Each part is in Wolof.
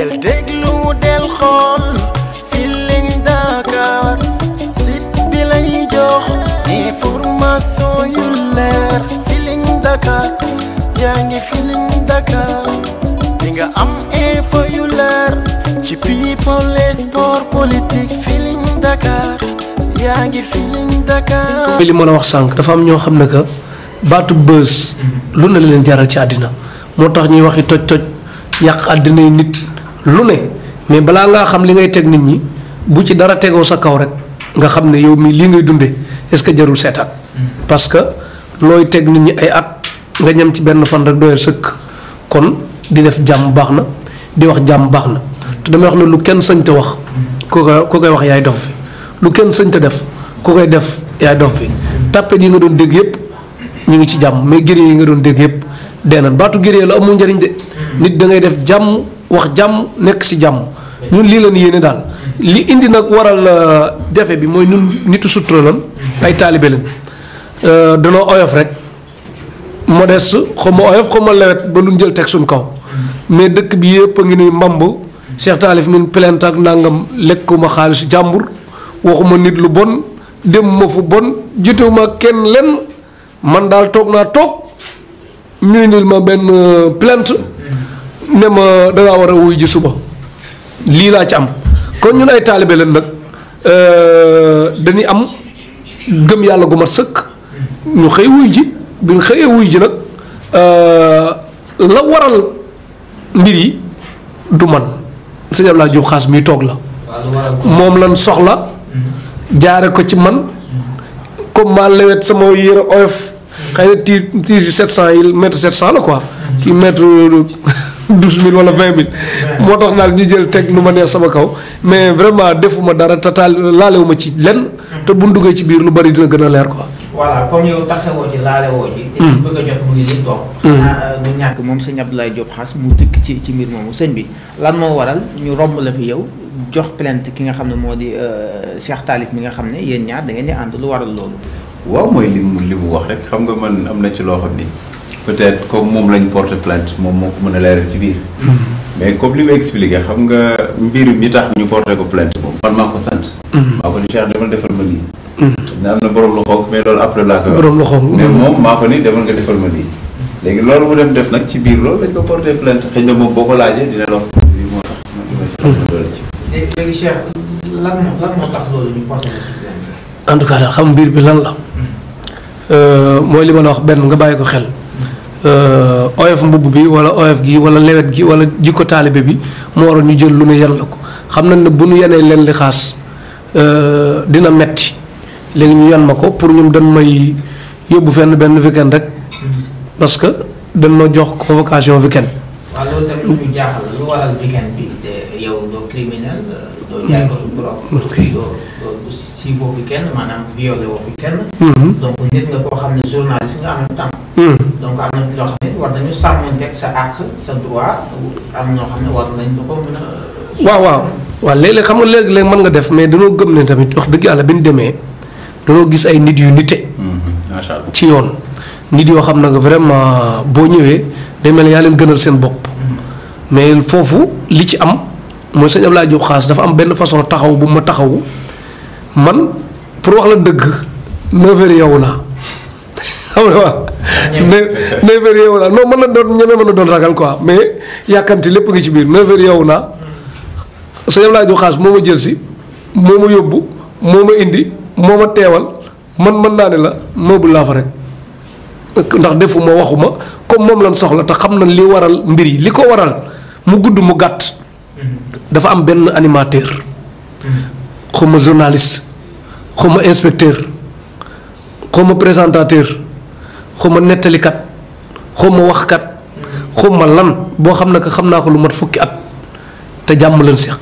del déglu del xool Feeling Dakar site bi lay jox information yu leer Feeling Dakar yaa ngi Feeling Dakar di nga am info yu leer ci people et sport politique Dakar yaa ngi Feeling Dakar. li ma la wax sànq dafa am ñoo xam ne que baatu bës. Mm-hmm. lu na leen jaral ci àddina moo tax ñuy waxi toj-toj yàq àddinay nit. lu ne mais balaa ngaa xam li ngay teg nit ñi bu ci dara tegoo sa kaw rek nga xam ne yow mii lii ngay dundee est-ce que jarul seetaan. Mm. parce que looy teg nit ñi ay at nga ñam ci benn fan rek doyal sëkk kon di def jàmm baax na di wax jàmm baax na te damay wax ne lu kenn sañ te wax ku koy ku koy wax yaay dof fi lu kenn sañ te def ku koy def yaay dof fi tàppet yi nga doon dégg yëpp ñu ngi ci jàmm mais géré yi nga doon dégg yëpp dee nañ baatu géré la amul njëriñ mm. nit da ngay def jàmm. wax jàmm nekk si jàmm ñun lii la yéene daal li indi nag waral euh, jafe bi mooy ñun nitu sutura lan ay taalibe lan euh, danoo oyof rek modeste xaw ma oyof xaw ma lewet ba lu jël teg suñ kaw mais dëkk bi yëpp a ngi nuy mbamb Cheikh Taalif min plainte ak nangam lekkuma xaalis jàmbur waxuma nit lu bon dem ma fu bon jotewuma kenn lenn man daal toog naa toog ñuy nil ma benn euh, plainte ne ma war a wuy ji suba lii laa ci am kon ñun ay taalibe leen nag euh, dañuy am gëm yàlla gu ma sëkk ñu xëy wuy ji bi ñu xëyee wuy ji nag euh, la waral mbir yi du man sëñ Abdoulaye Diop Xaas mii toog la lan soxla jaare ko ci man comme maa lewet sama yére oyof xëy na tii tii 700 yi mètre 700 la quoi kii mètre douze mille wala vingt mille moo tax naa daal ñu jël teg lu ma neex sama kaw mais vraiment defuma dara tataal laalewuma ci lenn te bu ñu duggee ci biir lu bari dina gën a leer ko voilà comme hmm. a jot mu ngi hmm. ah, moom sëñ Abdoulaye Diop Xaas mu tëkk ci ci mbir moomu seen bi lan moo waral ñu romb la fi yow jox plainte ki nga xam ne moo di euh, Cheikh Talif mi nga xam ne yéen ñaar da ngeen di ànd lu waral loolu. waaw mooy li mu wax rek xam nga man am na ci loo xam ni peut-être comme moom lañ porte plainte moom moo ko mën a leeral ci biir. mais comme li ma expliqué xam nga mbir mi tax ñu porté ko plainte moom man maa ko sant. maa ko ni Cheikh demal defal ma lii. na am na borom lu mais loolu après laa koy wax. borom lu xonk mais moom nga defal ma lii. léegi loolu mu dem def nag ci biir loolu lañ ko porté plainte xëy na moom boo ko laajee dina la wax lii moo tax. man li ma moo tax loolu xam mbir bi lan la. Euh, mooy li ma la wax benn nga bàyyi ko xel. oyof mbubb bi wala oyof gi wala lewet gi wala jikko taalibe bi moo waroon ñu jël lu ne yan la ko xam nañ ne bu ñu yenee leen li xaas dina metti léegi ñu yan ma ko pour ñum dañ may yóbbu fenn benn weekend rek parce que dañ ma jox convocation weekend. waaw si woo fi kenn maanaam violé mhm. mhm. sa a. waaw waaw waaw léeg xam nga léeg-léeg mën nga def mais dañoo gëm ne tamit wax dëgg yàlla bi ñu demee dañoo gis ay nit yu nit mhm, macha ci yoon nit yoo xam ne vraiment boo ñëwee day mel ne yaa leen gënal seen bopp. mais foofu li ci am mooy sëñ Abdoulaye Diop dafa am benn façon taxaw bu ma taxawu. man pour wax la dëgg neuf heures yow naa xam nga waaw neuf heures yow naa non mën na doon ñeme mën na doon ragal ko mais yàkkamti lépp ngi ci biir neuf heures yow naa sa yow laa ju moo ma jël si moo ma yóbbu moo ma indi moo ma teewal man mën naa ne la noobu laa fa rek ndax defuma waxuma comme moom la soxla te xam na li waral mbir yi li ko waral mu gudd mu gàtt hmm. dafa am benn animateur hmm. xawma journaliste xawma inspecteur ma présentateur ma nettalikat xawma waxkat ma lan boo xam ne que xam naa ko lu mat fukki at te jàmm leen seq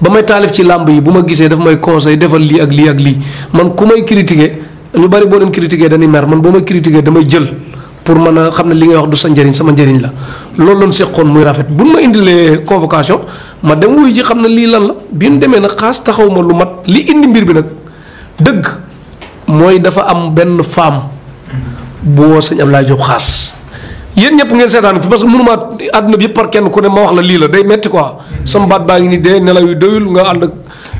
ba may taalif ci làmb yi bu ma gisee daf may conseil defal lii ak lii ak lii man ku may critiquer ñu bari boo leen critiquer dañuy mer man boo may critiquer damay jël pour man a xam ne li ngay wax du sa njëriñ sama njëriñ la loolu la ñu seqoon muy rafet bu ma indilee convocation ma dem wuyu ji xam ne lii lan la bi ñu demee nag xaas taxaw ma lu mat li indi mbir bi nag dëgg mooy dafa am benn femme bu woo sëñ Abdoulaye Diop xaas yéen ñëpp ngeen seetaan fi parce que mënuma àdduna bi yëpp par kenn ku ne ma wax la lii la metti quoi sama baat baa ngi nii dee nelaw yu doyul nga ànd ak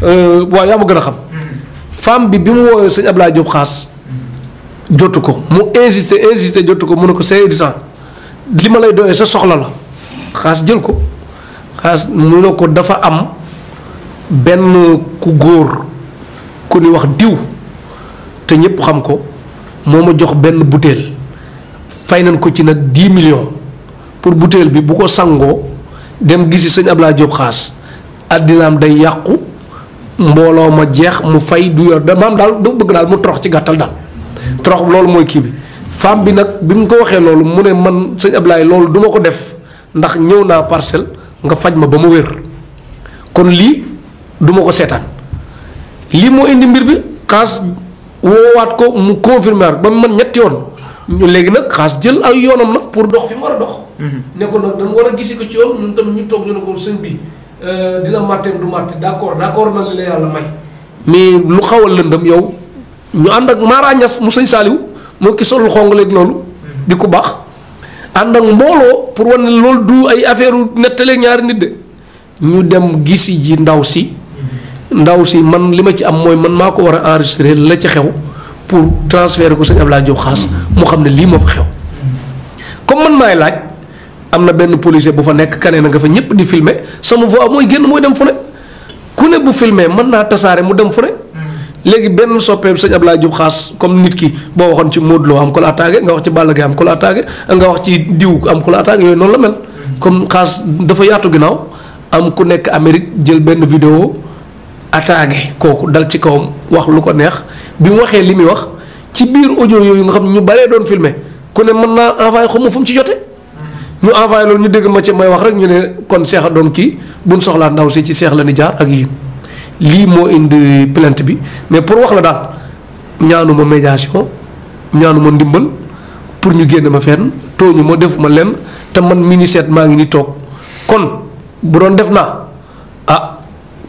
euh, waaw yaa ma gën a xam mm. xaas. jotu ko mu insisté insisté jotu ko mu ne ko c'est urgent li ma lay doyee sa soxla la xaas jël ko xaas mu ne ko dafa am benn ku góor ku ni wax diw te ñëpp xam ko moo ma jox benn butéel fay nañ ko ci nag 10 million pour butéel bi bu ko sangoo dem gisi sëñ Abdoulaye Diop xaas àddinaam day yàqu mbooloo ma jeex mu fay du yor da maam daal du bëgg daal mu torox ci gàttal daal torox loolu mooy kii bi femme bi nag bi mu ko waxee loolu mu ne man sëñ Ablaye loolu duma ko def ndax ñëw naa parcelle nga faj ma ba mu wér kon lii duma ko seetaan lii moo indi mbir bi xaas woowaat ko mu confirmer ba mu man ñetti yoon ñu léegi nag xaas jël ay yoonam nag pour dox fi mu war a dox. Mhm. ne ko nag dañu war a gisi ko ci yoon ñun tamit ñu toog ñu ne ko sëñ bi euh, dina màtteem du màtte d' accord d' na li la yàlla may. mais lu xaw a lëndam yow. ñu ànd ak Mara Niass mu sëñ Saaliw moo ki solul xong léegi loolu di ku baax ànd ak mbooloo pour wane loolu du ay affaire nettaleeg ñaari nit de ñu dem gisi ji ndaw si ndaw si man li ma ci am mooy man maa ko war a enregistré la ci xew pour transférer ko sëñ Abdoulaye Diop xaas moo xam ne lii moo fa xew comme man maay laaj am na benn policier bu fa nekk kaneen a nga fa ñëpp di filmer sama voix mooy génn mooy dem fu ne ku ne bu filmer mën naa tasaare mu dem fu ne léegi benn soppeem sëñ Abdoulaye Diop xaas comme nit ki boo waxoon ci Modou Lo am ko la attaqué nga wax ci Balla Gaye am ko la attaqué nga wax ci diw ko la attaqué yooyu noonu la mel. comme xaas dafa yaatu ginnaaw am ku nekk Amérique jël benn vidéo attaqué kooku dal ci kawam wax lu ko neex bi mu waxee li muy wax ci biir audio yooyu nga xam ñu baree doon filmer ku ne mën naa envoyé xaw ma fu ci jotee. ñu envoyé loolu ñu dégg ma ci may wax rek ñu ne kon seex a doon kii buñ soxlaa ndaw si ci seex la ni jaar ak yi lii moo indi plant bi mais pour wax la daal ñaanuma médiation ñaanuma ndimbal pour ñu génn ma fenn tooñu ma defuma lenn te man seet maa ngi ni toog kon bu doon def naa ah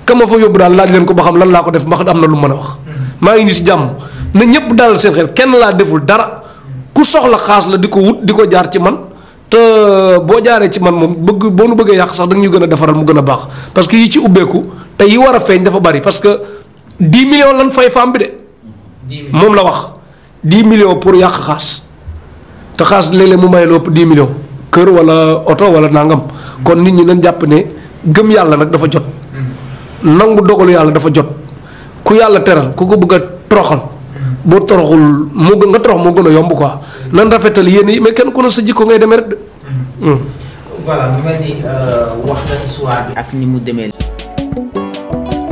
kama fa yóbbu daal laaj leen ko ba xam lan laa ko def mbax am na lu mën a wax maa ngi ni si jàmm na ñëpp dalal seen xel kenn laa deful dara ku soxla xaas la di ko wut di ko jaar ci man te boo jaaree ci man moom bëgg boo nu bëggee yàq sax da ñu gën a defaral mu gën a baax parce que yi ci ubbeeku te yi war a feeñ dafa bari parce que 10 millions lan fay femme bi de. moom la wax 10 millions pour yàq xaas te xaas léeg mu may lu ëpp 10 millions kër wala oto wala nangam. kon nit ñi nañ jàpp ne gëm yàlla nag dafa jot. nangu dogalu yàlla dafa jot ku yàlla teral ku ko bëgg a toroxal. boo toroxul moo gën nga torox moo gën a yomb quoi nan rafetal yéen yi mais kenn ku ne sa jikko ngay demee rek de. Euh, wax nañ soir bi ak ni mu demee.